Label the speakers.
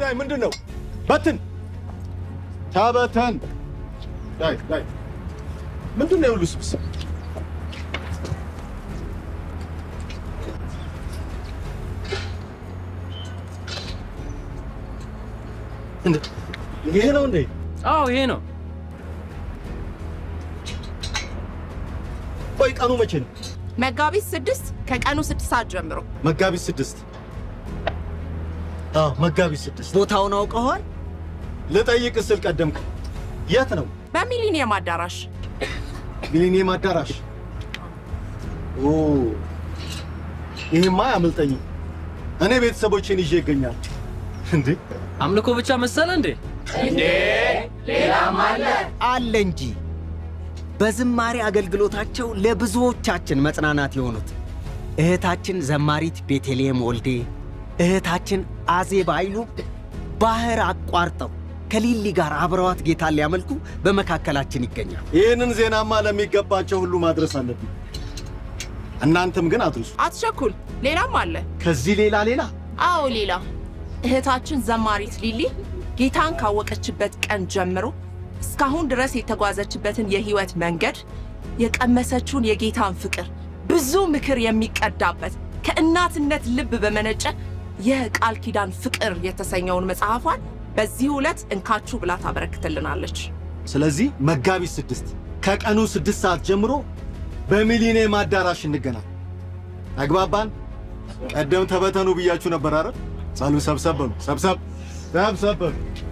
Speaker 1: ገዳይ ምንድን ነው? በትን ተበተን ዳይ ዳይ ምንድን ነው የሁሉ ስብስብ? ይሄ ነው እንዴ? አዎ ይሄ ነው። ቆይ ቀኑ መቼ ነው?
Speaker 2: መጋቢት ስድስት ከቀኑ ስድስት ሰዓት ጀምሮ።
Speaker 1: መጋቢት ስድስት መጋቢት ስድስት
Speaker 3: ቦታውን አውቀዋል?
Speaker 1: ልጠይቅ ስል ቀደምክ። የት ነው?
Speaker 2: በሚሊኒየም አዳራሽ።
Speaker 1: ሚሊኒየም አዳራሽ? ኦ ይሄማ አያመልጠኝም። እኔ ቤተሰቦቼን ይዤ ይገኛል። እንዴ
Speaker 3: አምልኮ ብቻ መሰለ እንዴ?
Speaker 4: እንዴ ሌላም አለ
Speaker 5: አለ እንጂ በዝማሬ አገልግሎታቸው ለብዙዎቻችን መጽናናት የሆኑት እህታችን ዘማሪት ቤተልሔም ወልዴ እህታችን አዜብ አይሉ ባህር አቋርጠው ከሊሊ ጋር አብረዋት ጌታን ሊያመልኩ በመካከላችን ይገኛል።
Speaker 1: ይህንን ዜናማ ለሚገባቸው ሁሉ ማድረስ አለብን። እናንተም ግን አድርሱ፣
Speaker 2: አትቸኩል። ሌላም አለ።
Speaker 1: ከዚህ ሌላ ሌላ?
Speaker 2: አዎ ሌላ። እህታችን ዘማሪት ሊሊ ጌታን ካወቀችበት ቀን ጀምሮ እስካሁን ድረስ የተጓዘችበትን የህይወት መንገድ የቀመሰችውን የጌታን ፍቅር ብዙ ምክር የሚቀዳበት ከእናትነት ልብ በመነጨ የቃል ኪዳን ፍቅር የተሰኘውን መጽሐፏን በዚህ ዕለት እንካችሁ ብላ ታበረክትልናለች።
Speaker 1: ስለዚህ መጋቢት ስድስት ከቀኑ ስድስት ሰዓት ጀምሮ በሚሊኒየም አዳራሽ እንገናል። አግባባን? ቀደም ተበተኑ ብያችሁ ነበር። አረ ጸሉ፣ ሰብሰብ በሉ፣ ሰብሰብ ሰብሰብ በሉ።